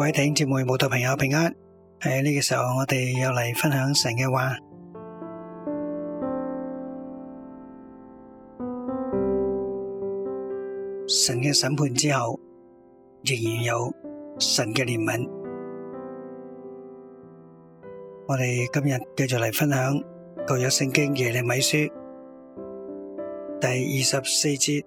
各位弟兄姐妹，慕道朋友平安。喺呢個時候，我哋又嚟分享神嘅話。神嘅審判之後，仍然有神嘅憐憫。我哋今日繼續嚟分享舊約聖經耶利米書第二十四節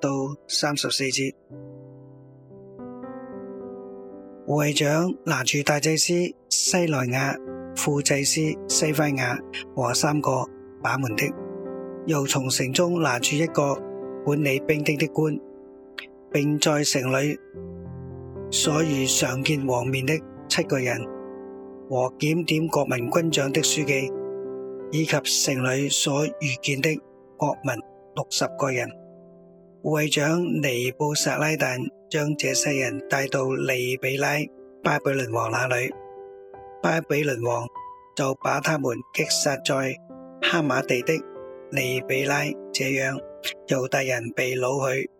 到三十四節。護衛長拿住大祭司西萊亞、副祭司西斐亞和三個把門的，又從城中拿住一個管理兵丁的官，並在城裏所遇常見王面的七個人，和檢點國民軍長的書記，以及城裏所遇見的國民六十個人。護衛長尼布薩拉旦將這些人帶到利比拉，巴比倫王那裏，巴比倫王就把他們擊殺在哈馬地的利比拉。這樣猶大人被擄去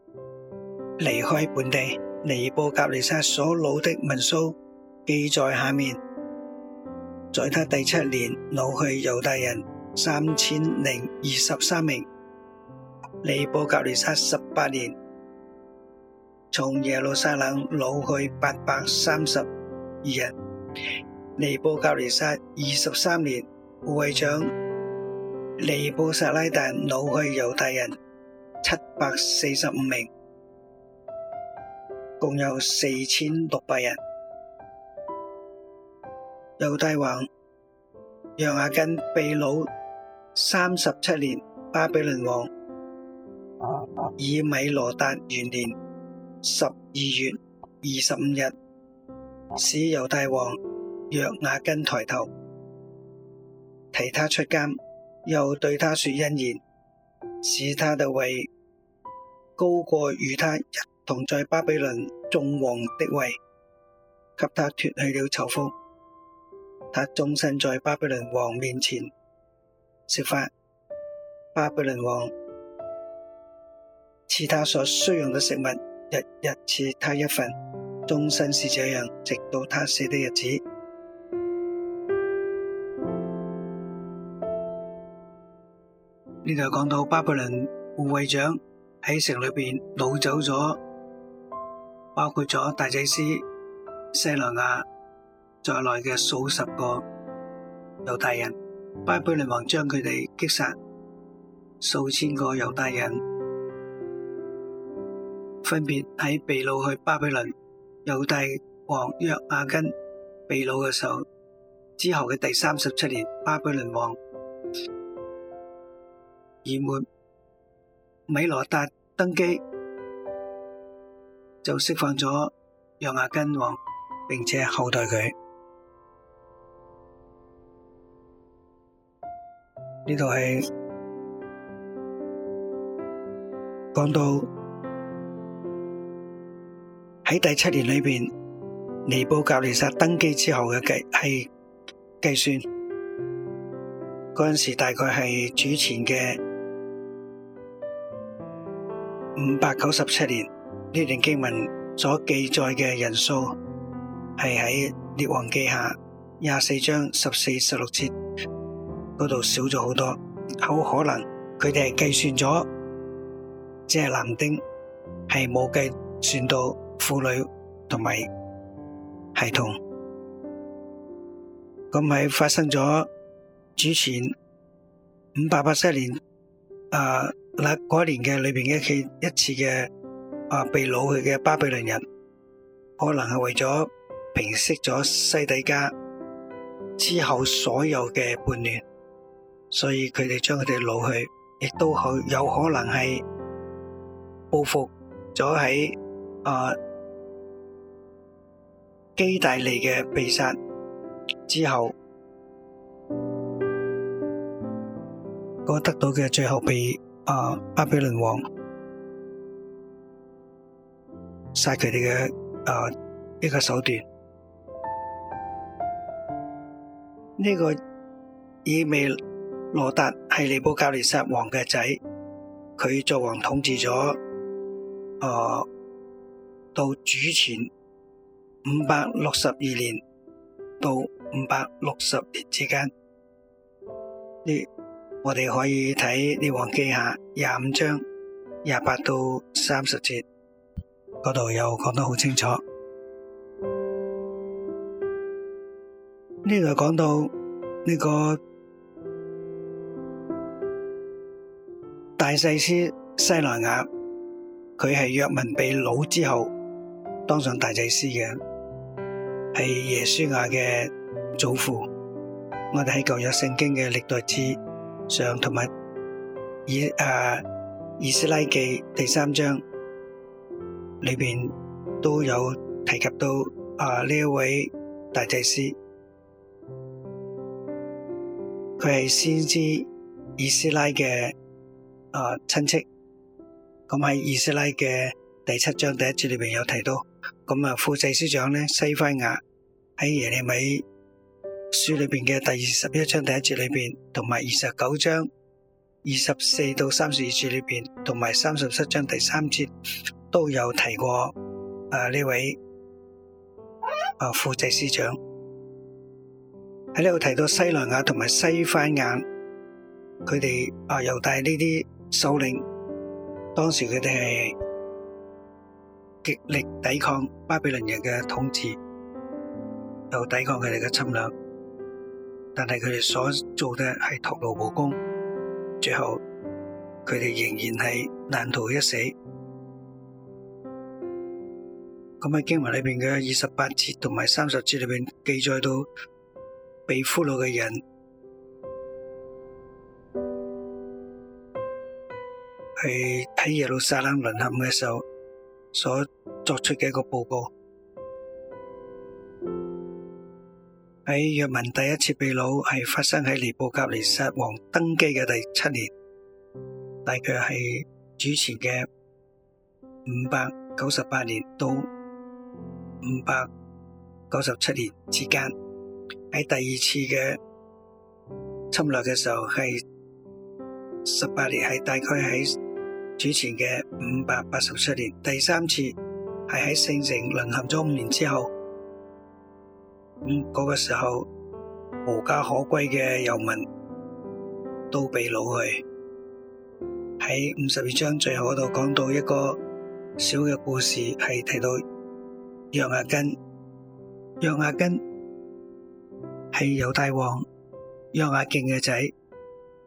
離開本地。尼布甲尼撒所擄的文書記在下面：在他第七年，擄去猶大人三千零二十三名。尼布甲尼撒十八年。從耶路撒冷擄去八百三十二人，尼布甲尼撒二十三年，護衛長尼布撒拉旦擄去猶太人七百四十五名，共有四千六百人。猶太王約雅斤被擄三十七年，巴比倫王以米羅達元年。十二月二十五日，使猶大王約雅斤抬頭，提他出監，又對他說恩言，使他的位高過與他一同在巴比倫眾王的位，給他脱去了囚服。他終身在巴比倫王面前吃飯，巴比倫王賜他所需用的食物。日日賜他一份，終身是這樣，直到他死的日子。呢度 講到巴布倫護衛長喺城裏邊擄走咗，包括咗大祭司西萊亞在內嘅數十個猶太人，巴布倫王將佢哋擊殺，數千個猶太人。分別喺秘魯去巴比倫，猶大王約亞根秘魯嘅時候，之後嘅第三十七年，巴比倫王而末米羅達登基，就釋放咗約亞根王，並且後代佢。呢度係講到。喺第七年裏邊，尼布甲尼撒登基之後嘅計係計算嗰陣時，大概係主前嘅五百九十七年。呢段經文所記載嘅人數係喺《列王記下》廿四章十四十六節嗰度少咗好多，好可能佢哋係計算咗，即係南丁係冇計算到。婦女同埋孩童，咁喺發生咗之前五百八七年啊，嗱嗰年嘅裏邊嘅一記一次嘅啊被擄去嘅巴比倫人，可能係為咗平息咗西底家之後所有嘅叛亂，所以佢哋將佢哋擄去，亦都好有可能係報復咗喺啊。基大利嘅被殺之後，我得到嘅最後被啊巴比倫王殺佢哋嘅啊一個手段。呢、這個以味羅達係尼布甲尼撒王嘅仔，佢作王統治咗啊到主前。五百六十二年到五百六十年之間，呢我哋可以睇《列王記下》廿五章廿八到三十節嗰度又講得好清楚。呢度講到呢個大祭司西萊雅，佢係約民被擄之後當上大祭司嘅。係耶書亞嘅祖父，我哋喺舊約聖經嘅歷代志上同埋以誒以、啊、以斯拉記第三章裏邊都有提及到啊呢一位大祭司，佢係先知以斯拉嘅啊親戚，咁喺以斯拉嘅第七章第一節裏邊有提到，咁啊，副祭司長咧，西非亞。喺耶利米書裏邊嘅第二十一章第一節裏邊，同埋二十九章二十四到三十二節裏邊，同埋三十七章第三節都有提過誒呢、啊、位誒、啊、副祭司長喺呢度提到西奈亞同埋西番亞，佢哋啊又帶呢啲首領，當時佢哋係極力抵抗巴比倫人嘅統治。又抵抗佢哋嘅侵略，但係佢哋所做嘅係徒勞無功，最後佢哋仍然係難逃一死。咁喺經文裏邊嘅二十八節同埋三十節裏邊記載到被俘虜嘅人，係睇耶路撒冷淪陷嘅時候所作出嘅一個報告。喺約民第一次被擄，係發生喺尼布甲尼撒王登基嘅第七年，大概係主前嘅五百九十八年到五百九十七年之間。喺第二次嘅侵略嘅時候，係十八年，係大概喺主前嘅五百八十七年。第三次係喺聖城淪陷咗五年之後。咁、那、嗰個時候，無家可歸嘅遊民都被擄去。喺五十二章最後嗰度講到一個小嘅故事，係提到楊阿根。楊阿根係猶大王楊阿勁嘅仔，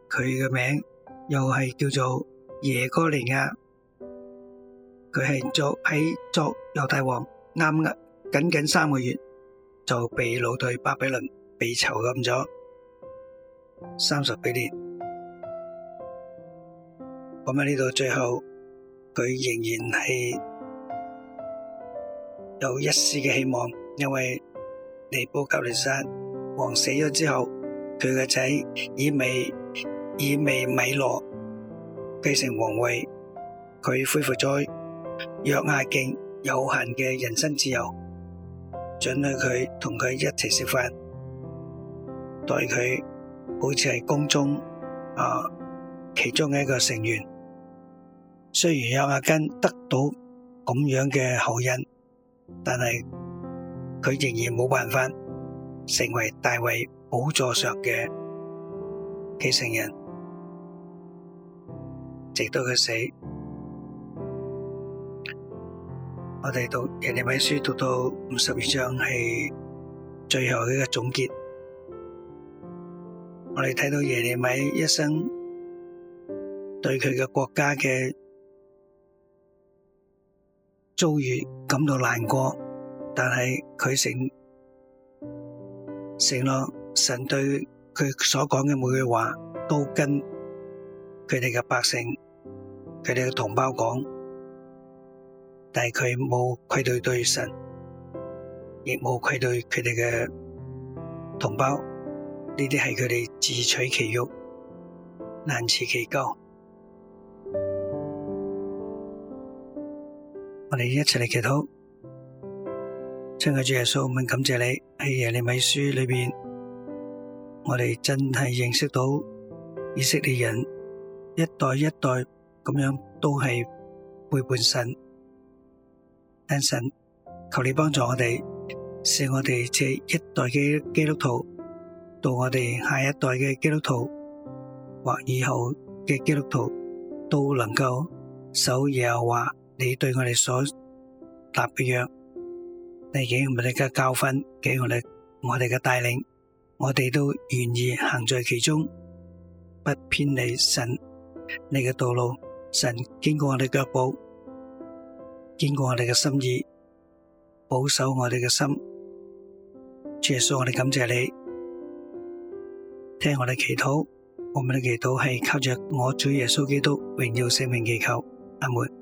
佢嘅名又係叫做耶哥尼亞。佢係作喺作猶大王啱啱僅僅三個月，就被擄到巴比倫，被囚禁咗三十幾年。咁喺呢度最後，佢仍然係有一絲嘅希望，因為尼布甲尼撒王死咗之後，佢嘅仔以未以未米羅繼承皇位，佢恢復咗約亞敬有限嘅人身自由。準許佢同佢一齊食飯，待佢好似係宮中啊其中嘅一個成員。雖然亞亞根得到咁樣嘅后因，但係佢仍然冇辦法成為大衛寶座上嘅繼承人，直到佢死。我哋讀耶利米書讀到五十二章係最後一個總結，我哋睇到耶利米一生對佢嘅國家嘅遭遇感到難過，但係佢成承諾神對佢所講嘅每句話都跟佢哋嘅百姓、佢哋嘅同胞講。但係佢冇愧對對神，亦冇愧對佢哋嘅同胞，呢啲係佢哋自取其辱，難辭其咎。 我哋一齊嚟祈禱，親愛主耶穌，我哋感謝你喺耶利米書裏邊，我哋真係認識到以色列人一代一代咁樣都係背叛神。神，求你幫助我哋，使我哋這一代嘅基督徒，到我哋下一代嘅基督徒，或以後嘅基督徒都能夠守耶和華你對我哋所立嘅約。你畀我哋嘅教訓，俾我哋我哋嘅帶領，我哋都願意行在其中，不偏離神你嘅道路。神經過我哋腳步。堅固我哋嘅心意，保守我哋嘅心。主耶穌，我哋感謝你，聽我哋祈禱。我哋嘅祈禱係奉着我主耶穌基督榮耀聖名祈求。阿門。